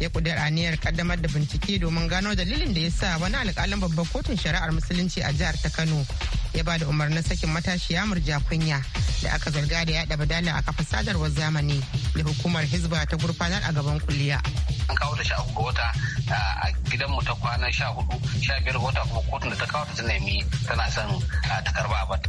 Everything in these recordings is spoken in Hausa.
ya kudura aniyar kaddamar da bincike domin gano dalilin da ya sa wani alƙalin babbar kotun shari'ar musulunci a jihar ta kano ya ba da umarnin sakin matashiya murja kunya da aka zarga da yada badala a kafa sadarwar zamani da hukumar hizba ta gurfanar a gaban kuliya an kawo ta sha ga wata a gidanmu ta kwana sha hudu sha biyar wata kuma kotun da ta kawo ta ta nemi tana son ta karba a bata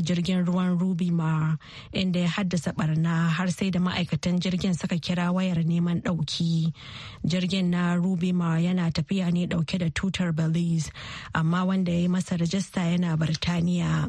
taba jirgin ruwan rubi ma inda ya haddasa barna har sai da ma'aikatan jirgin suka kira wayar neman dauki jirgin na rubi ma yana tafiya ne dauke da tutar belize amma wanda ya yi masa rajista yana birtaniya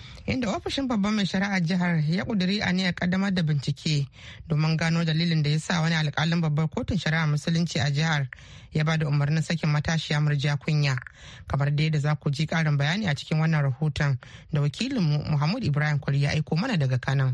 inda ofishin babban mai shari'ar jihar ya kuduri aniyar kaddamar da bincike domin gano dalilin da ya sa wani alkalin babbar kotun shari'a musulunci a jihar ya ba da umarnin sakin matashiya murja kunya kamar dai da za ku ji karin bayani a cikin wannan rahoton da wakilinmu muhammad ibrahim kwari ya aiko mana daga kanan.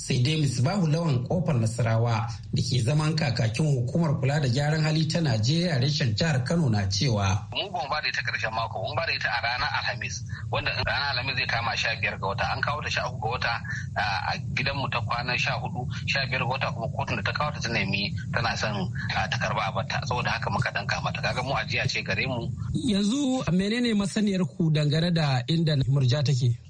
sai dai misbahu lawan kofar nasarawa da ke zaman kakakin hukumar kula da gyaran hali ta najeriya reshen jihar kano na cewa mu ba ba da ita karshen mako mun ba da ita a ranar alhamis wanda ranar alhamis zai kama sha biyar ga wata an kawo ta sha ga wata a gidanmu ta kwana sha hudu sha biyar ga wata kuma kotun da ta kawo ta ta tana son ta karba a bata saboda haka muka danka mata kaga mu ajiya ce gare mu yanzu menene masaniyar ku dangane da inda murja take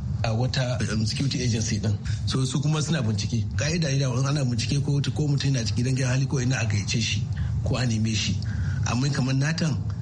a wata um, security agency din so su kuma suna bincike ka'ida ida wani ana bincike ko ko mutum yana cikin gidan hali ko ina a gaice shi ko a neme shi amma kamar natan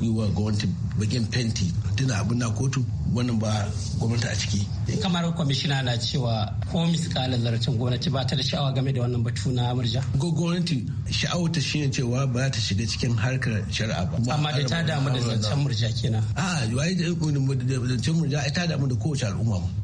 yi wa gwamnati bagin fenti tana abin na kotu wannan ba gwamnati a ciki. kamar kwamishina na cewa ko miskalin zarafin gwamnati ba ta da sha'awa game da wannan batu na murja. gwamnati sha'awar ta shine cewa ba ta shiga cikin harkar shari'a ba. amma da ta damu da zancen murja kenan. a zancen murja ta damu da kowace al'umma mu.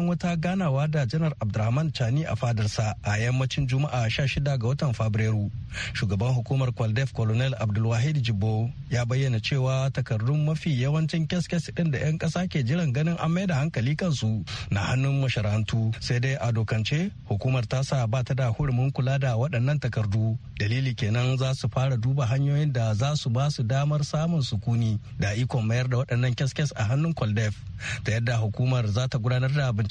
bayan wata ganawa da janar abdulrahman chani a fadarsa a yammacin juma'a 16 ga watan fabrairu shugaban hukumar kwaldef colonel abdulwahid jibo ya bayyana cewa takardun mafi yawancin kes-kes ɗin da 'yan kasa ke jiran ganin an mai da hankali kansu na hannun masharantu sai dai a dokance hukumar ta sa ba ta da hurumin kula da waɗannan takardu dalili kenan za su fara duba hanyoyin da za su ba su damar samun sukuni da ikon mayar da waɗannan kes-kes a hannun kwaldef ta yadda hukumar za ta gudanar da bincike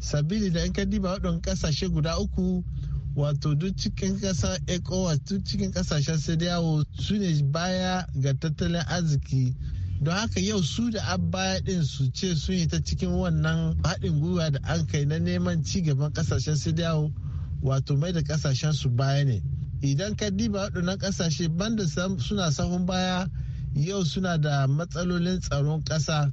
sabili da 'yan ka diba waɗon kasashe guda uku wato duk cikin ƙasar ecowas duk cikin ƙasashen sadiyawo su ne baya ga tattalin arziki don haka yau su da baya din su ce sun yi ta cikin wannan haɗin gwiwa da an kai na neman ci gaban ƙasashen sadiyawo wato mai da ƙasashen su baya ne idan ka diba waɗannan ƙasashe banda suna sahun baya yau suna da matsalolin tsaron ƙasa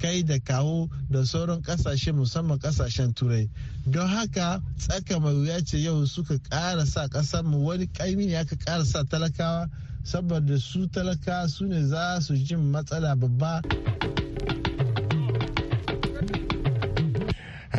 kai da kawo da sauran kasashe musamman kasashen turai don haka tsaka mai wuya ce yau suka kara sa ƙasar mu wani kaimi ne aka ƙara sa talakawa saboda su talaka su ne za su jin matsala babba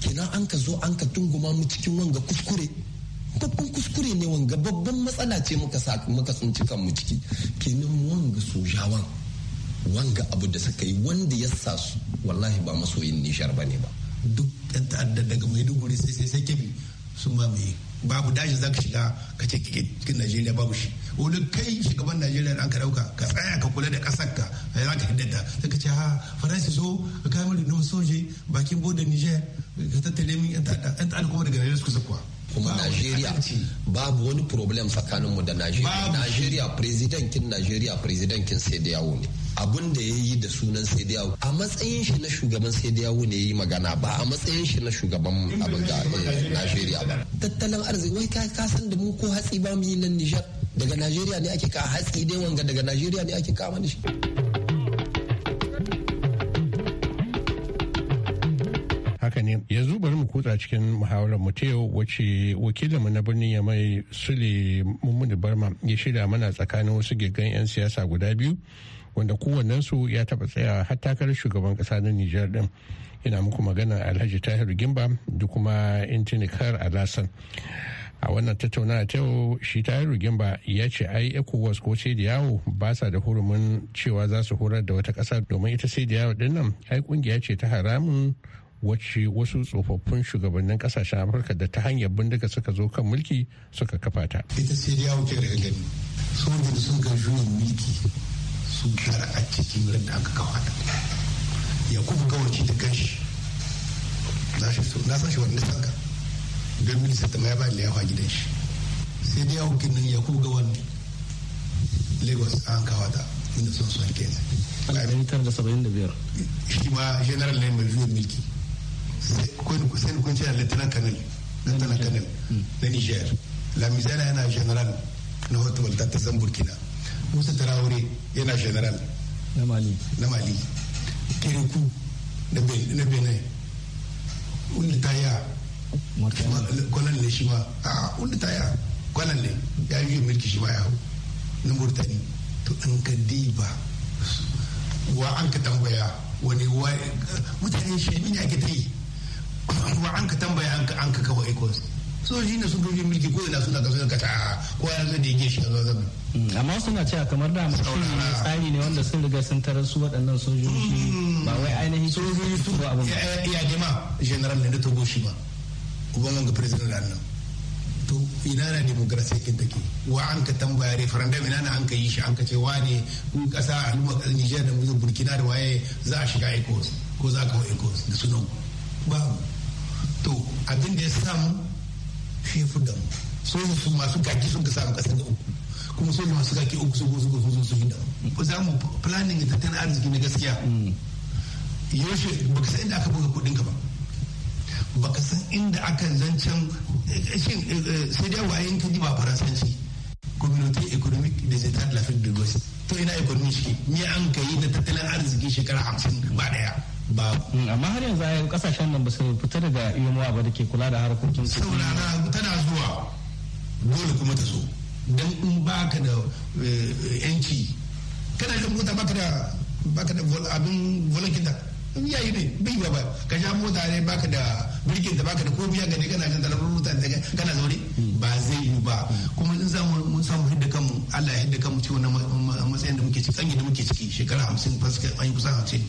kina an ka zo an ka tunguma mu cikin wanga kuskure babban kuskure ne wanga babban matsala ce muka sa muka tsinci kanmu ciki kenan wanga sojawan wanga abu da suka yi wanda ya sa su wallahi ba masoyin nishar ba ne ba duk ɗan ta'adda daga maiduguri sai sai sai kebi sun mai babu dajin za ka shiga ka ce cikin najeriya babu shi wani kai shugaban najeriya da an ka dauka ka tsaya ka kula da kasar ka za ka hiddata sai ka ce ha ah, faransa so ka kai mai rundunar soje bakin bodin niger ka tattale min yan ta'adda kuma daga najeriya suka sakuwa. kuma Najeriya babu wani problem tsakaninmu da Najeriya. Najeriya presidentin Najeriya presidentin sai da yawo ne. Abun da ya yi da sunan sai da yawo a matsayin shi na shugaban sai da yawo ne ya yi magana ba a matsayin shi na shugaban abin da eh, Najeriya ba. Tattalin arziki wai ka san da mu ko hatsi ba mu yi nan Nijar daga Najeriya ne ake ka hatsi dai wanga daga Najeriya ne ake kama da shi. haka ne yanzu bari mu kutsa cikin muhawarar mu ta yau wace mu na birnin ya mai sule mummuni barma ya shirya mana tsakanin wasu gigan 'yan siyasa guda biyu wanda su ya taba tsaya har takarar shugaban kasa na nijar din ina muku magana alhaji tahiru gimba da kuma intinikar alasan a wannan tattaunawa ta yau shi tahiru gimba ya ce ai ecowas ko sai da yawo ba sa da hurumin cewa za su horar da wata kasa domin ita sai da yawo din ai kungiya ce ta haramun wacce wasu tsofaffin shugabannin kasashen afirka da ta hanyar bindiga suka zo kan mulki suka kafa ta ita siriya wuce da gani da sun ga juyin mulki sun kara a cikin yadda aka kawo ta ya kuma gawaci da kanshi na san shi wanda sanka don minista ta ya ba da yawa gidan shi sai dai yawon kinin ya kuga wani lagos an kawo ta inda sun son kenan. 1975 shi ma general ne mai juyin mulki Hussein Kunce na Lieutenant Colonel Lieutenant Colonel hmm. na Niger Lamizana yana general na Hot Volta ta San Burkina Musa Tarawore yana general na Mali na Mali Kiriku na Benin wanda ta kwanan ne shi ma a wanda ta kwanan ne ya yi mulki shi ma ya hau na Murtani to an ka diba wa an ka tambaya wani wa mutane shi ne ake ta yi kuma an ka tambaya an ka an ka kawo ecos sojoji ne sun doji mulki ko ina suna kaso ka ta ah, ko ya zai da yake shi kaza zan hmm, amma suna cewa kamar da mu tsari ne wanda sun riga sun tarar su waɗannan sojoji ba wai ainihin sojoji su ba abin eh, ya dima general ne da togo shi ba uban wanga president da nan to ina na demokrasiya kin take wa an ka tambaya referendum ina na an ka yi shi an ka ce wane ku kasa al'umma kasar Nijar da Burkina da waye za a shiga ECOWAS ko za ka hau ECOWAS da sunan ba to abin da ya samu shi fi da so su masu gaki sun ka samu kasa da uku kuma so masu gaki uku sun su su su su hinda za mu planning da tattalin arziki na gaskiya mm. yaushe ka san inda aka buga kudin ka ba ka san inda aka zancen eh, shin eh, eh, sai dai wayen ka ji ba faransanci community economic des états de l'Afrique de l'Ouest to ina economy shi me an kai da tattalin arziki shekara 50 ba daya ba mm, amma har yanzu ayyukan kasashen nan ba su fita daga yomowa ba da ke kula da harkokin su saurana tana zuwa dole kuma ta zo don in ba ka da eh, yanki kana da mota ka da ka da abin volokin da yi ne bai ba ka sha mota ne ka da birkin da ka da ko biya gani kana kan talabar mota da kana zaure ba zai yi ba kuma in za mu samu hidda kanmu Allah ya hidda kanmu ciwon matsayin da muke ciki tsanyi da muke ciki shekara 50 fasika an yi kusa 50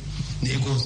na ecos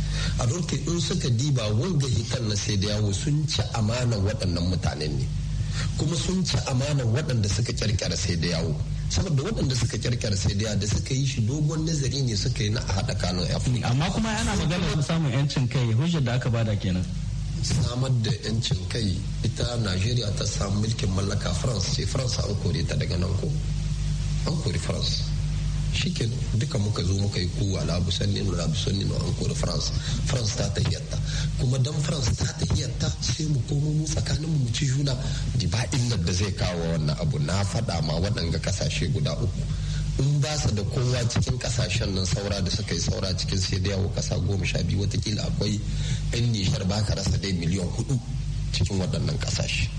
a lokacin in suka diba wanda hikan na sai da yawo sun ci amana waɗannan mutanen ne kuma sun ci amana waɗanda suka kirkira sai da yawo saboda waɗanda suka kirkira sai da da suka yi shi dogon nazari ne suka yi na a haɗa ya fi amma kuma yana magana da samun yancin kai hujjar da aka bada kenan samar da yancin kai ita najeriya ta samu mulkin mallaka france ce france an kore ta daga nan ko an kori france shikin duka muka zo muka yi kowa la busanni no la busanni no an kori france france ta ta yatta kuma dan france ta ta yatta sai mu komo mu tsakanin mu ci juna ba inda da zai kawo wannan abu na faɗa ma waɗanga kasashe guda uku in ba su da kowa cikin kasashen nan saura da suka yi saura cikin sai da yawo kasa goma sha biyu watakila akwai yan nishar ba ka rasa dai miliyan hudu cikin waɗannan kasashe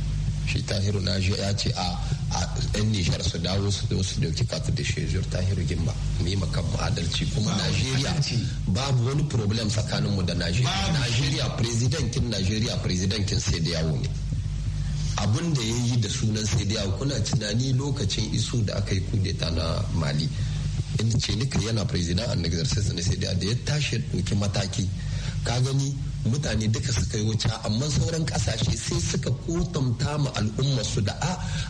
shi tahiru na ya ce a a yan nishar su dawo su zo su dauki kafin da shezur ta gimba mu yi makan adalci kuma najeriya babu wani problem tsakanin mu da najeriya najeriya presidentin najeriya presidentin sai da yawo ne abun da ya yi da sunan sai da yawo kuna tunani lokacin iso da aka yi kudeta na mali inda ce nika yana president an exercise na sai da ya tashi ya mataki ka gani mutane duka suka yi wuta amma sauran kasashe sai suka kotamta ma al'umma su da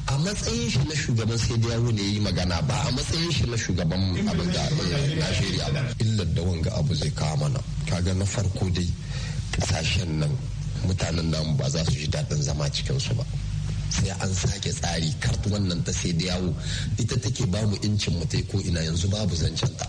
a matsayin shi na shugaban sai da yawo ne yi magana ba a matsayin shi na shugaban abin da eh, Najeriya ba illar da wanga abu zai kawo mana kaga na farko dai kasashen nan mutanen namu ba za su ji daɗin zama cikin su ba sai an sake tsari kartu wannan ta sai da yawo ita take bamu incin mu ko ina yanzu babu zancen ta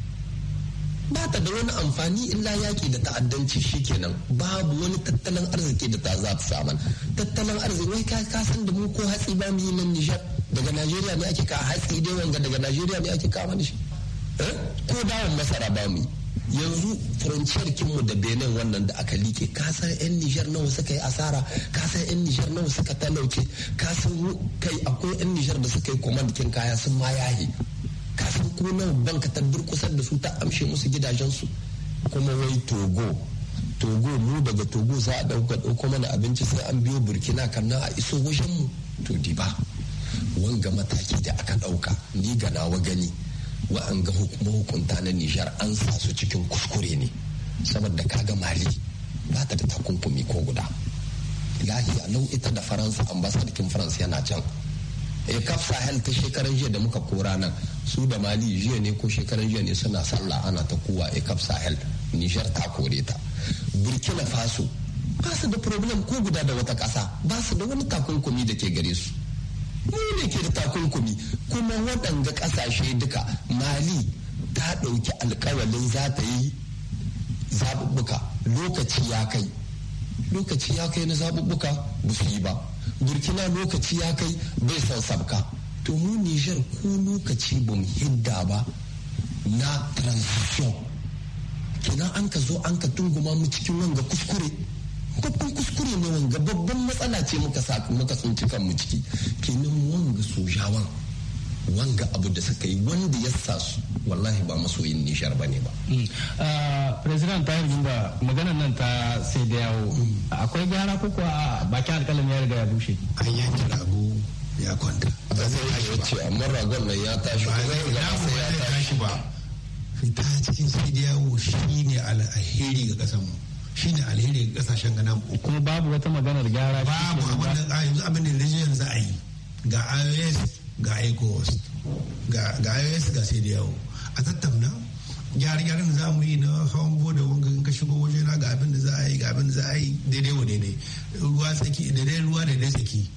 ba ta da wani amfani illa yaƙi da ta'addanci shikenan babu wani tattalin arziki da ta za saman tattalin arziki wai ka san da mu ko hatsi ba mu yi nan Nijar daga Najeriya ne ake ka hatsi dai wanga daga Najeriya ne ake kawo shi eh? ko dawon masara ba mu yanzu furanciyar kinmu da benin wannan da aka like kasan yan nijar nawa suka yi asara kasan yan nijar nawa suka talauke kasan kai akwai yan nijar da suka yi kin kaya sun ma yahi ɗauko nawa banka ta durkusar da su ta amshe musu gidajensu kuma wai togo togo mu daga togo za a ɗauka dauko mana abinci sai an biyo burkina kanna a iso wajen mu to di ba wanga mataki da aka ɗauka ni ga nawa gani wa'anga hukunta na nijar an sa su cikin kuskure ne saboda kaga mali ba ta da takunkumi ko guda lahiya nau'ita da faransa ambasadikin faransa yana can Eh, kafa sahel ta shekaran jiya da muka kora nan su da mali jiya ne ko shekaran jiya ne suna sallah ana ta kowa eh, kafa sahel nishar ta kore ta burkina faso ba su da problem ko guda da wata ƙasa ba su da wani takunkumi da ke gare su mu ne ke da takunkumi kuma waɗanda ƙasashe duka mali ta ɗauki alkawalin za ta yi zaɓuɓɓuka lokaci ya kai lokaci ya kai na zaɓuɓɓuka ba su yi ba burkina lokaci ya kai bai son sabka to mu nijar ko lokaci ba mu hidda ba na transition kina an ka zo an ka tunguma mu cikin wanga kuskure babban kuskure ne wanga babban matsala ce muka sa muka tsinci kanmu ciki kenan wanga sojawan wanga abu da suka yi wanda ya sa su wallahi ba masoyin nishar ba ne mm. ba. Ah, president ta yi maganar nan ta sai da yawo mm. akwai gyara kuka a bakin alkalin ya riga ya bushe. an yanke rago ya kwanta. ba zai yi ya ce amma ragon nan ya tashi ba zai ga ya tashi ba. fita cikin sai da yawo shi ne alheri ga ƙasar mu. shi ne alheri ga kasashen gana mu. kuma babu wata maganar gyara. babu abin da yanzu abin da yanzu a yi ga ios ga ecowas ga ios ga sai da yawo a tattauna gyare-gyaren da za mu yi na hawan boda wanga in ka shigo waje na ga abin da za a yi ga abin da za a yi daidai wa daidai ruwa tsaki daidai ruwa daidai tsaki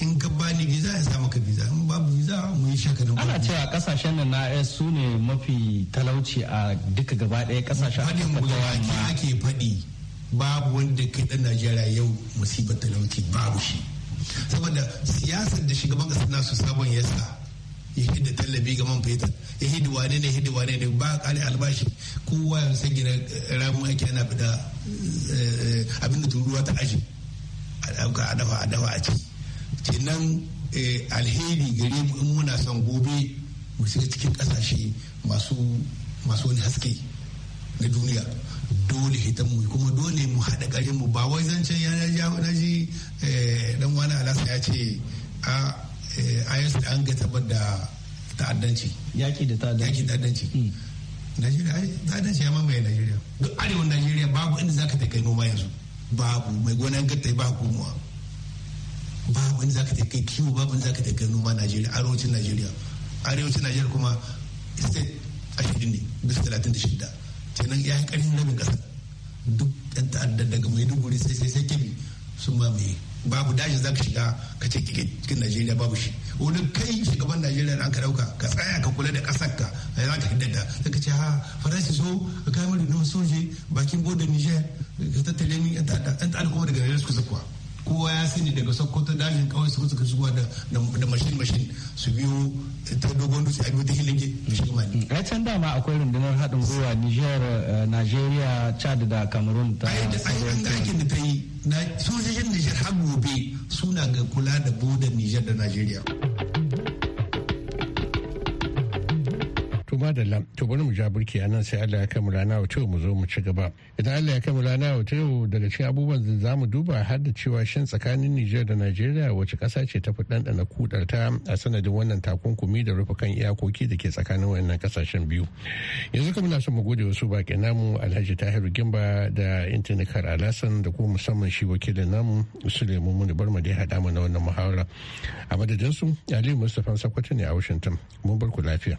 in ka ba ni visa ya sa maka visa in babu visa mu yi shaka nan ana cewa kasashen da na AS su ne mafi talauci a duka gaba daya kasashen fadin gudawaki ake faɗi babu wanda ka ɗan Najeriya yau musibar talauci babu shi saboda siyasar da shugaban kasa na su sabon yasa ya hidda tallafi ga man fetur ya hidda wane ne hidda wane ne ba kare albashi kowa ya san gina ramu ake ana fita eh, abin da turuwa ta aji a dafa a dafa a ci kenan eh, alheri gare mu in muna son gobe mu shiga cikin kasashe masu wani haske na duniya dole hitan mu kuma dole mu haɗa ƙarin mu ba wai zancen yanar na ji eh, dan wani alasa ya ce a da eh, an ga tabbar da ta'addanci yaki da ta'addanci yaki ta'addanci hmm. Najeriya ta'addanci ya mamaye Najeriya duk arewa Najeriya babu inda ka ta kai noma yanzu babu mai ta yi ba hukumuwa babu inda ka ta kai kiwo babu inda ka ta kai noma Najeriya arewacin Najeriya arewacin Najeriya kuma state ashirin ne bisa talatin da shidda kenan ya yi ƙarfin rabin ƙasa duk ɗan ta'addar daga mai maiduguri sai sai sai kemi sun ba mai babu dajin za ka shiga ka ce cikin najeriya babu shi wani kai shugaban najeriya da an ka ɗauka ka tsaya ka kula da ƙasar ka ya za ka hiddata da ka ce ha faransa so ka kai mari na soje bakin bodin niger ka tattale ni yan ta'addar kuma daga najeriya suka kuwa. kowa ya sani daga sokoto dajin kawai su suka shigo da mashin mashin su biyo ta dogon dutse a biyu ta hilinge da shi mali. ai eh, can dama akwai rundunar haɗin gwiwa niger eh, nigeria chad da cameroon ta aikin da ta yi sojojin niger har gobe suna ga kula da bodar niger da nigeria. madalla to bari mu ja burki a nan sai Allah ya kammala na wato mu zo mu ci gaba idan Allah ya mu rana wato daga cikin abubuwan da za duba har da cewa shin tsakanin Nijar da Najeriya wace kasa ce ta fi ɗanɗana kudar ta a sanadin wannan takunkumi da rufe kan iyakoki da ke tsakanin wannan kasashen biyu yanzu kuma na so mu gode wasu baki namu Alhaji Tahiru Gimba da Kar Alasan da kuma musamman shi wakilin namu Suleiman Muni Barma da ya hada mu na wannan muhawara a su Aliyu Mustapha Sakwato ne a Washington mun bar ku lafiya.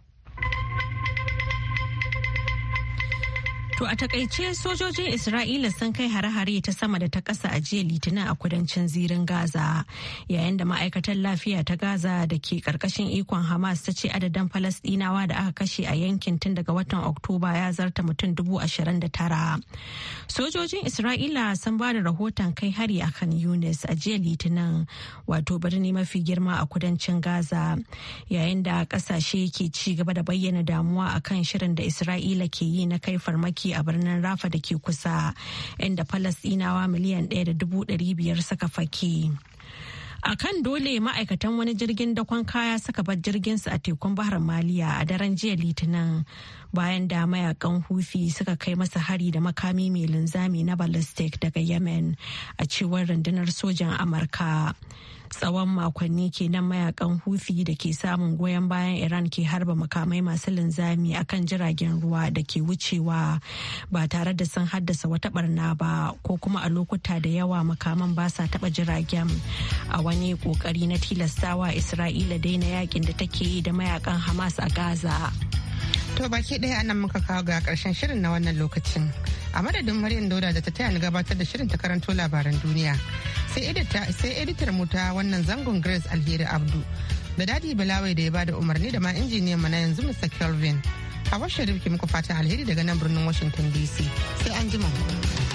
To a takaice sojojin Isra'ila sun kai hare-hare ta sama da ta kasa a jiya litinin a kudancin zirin Gaza yayin da ma'aikatar lafiya ta Gaza da ke karkashin ikon Hamas ta ce adadin Falasdinawa da aka kashe a yankin tun daga watan Oktoba ya zarta mutum dubu ashirin da tara. Sojojin Isra'ila sun ba da rahoton kai hari a kan Yunis a jiya litinin wato birni mafi girma a kudancin Gaza yayin da ƙasashe ke ci gaba da bayyana damuwa akan shirin da Isra'ila ke yi na kai farmaki a birnin Rafa da ke kusa inda Falasɗinawa miliyan ɗaya da dubu ɗari biyar suka fake. A kan dole ma'aikatan wani jirgin dakon kaya suka bar jirgin su a tekun bahar Maliya a daren jiya Litinin bayan da mayakan hufi suka kai masa hari da makami mai linzami na ballistic daga yemen a cewar rundunar sojan amurka tsawon makonni kenan mayakan hufi da ke samun goyon bayan iran ke harba makamai masu linzami a kan jiragen ruwa da ke wucewa ba tare da sun haddasa wata barna ba ko kuma a lokuta da yawa makaman ba sa taba jiragen a wani kokari na tilastawa isra'ila daina yakin da take yi da mayakan hamas a gaza To baki ɗaya anan muka kawo ga ƙarshen shirin na wannan lokacin. A madadin Maryam Dauda da ta taya ni gabatar da shirin ta karanto labaran duniya. Sai editar mu ta wannan zangon Grace Alheri Abdu. Da Dadi Balawai da ya bada umarni da ma injiniyan mu na yanzu Mr. Kelvin. A washe muku fatan alheri daga nan birnin Washington DC. Sai an jima.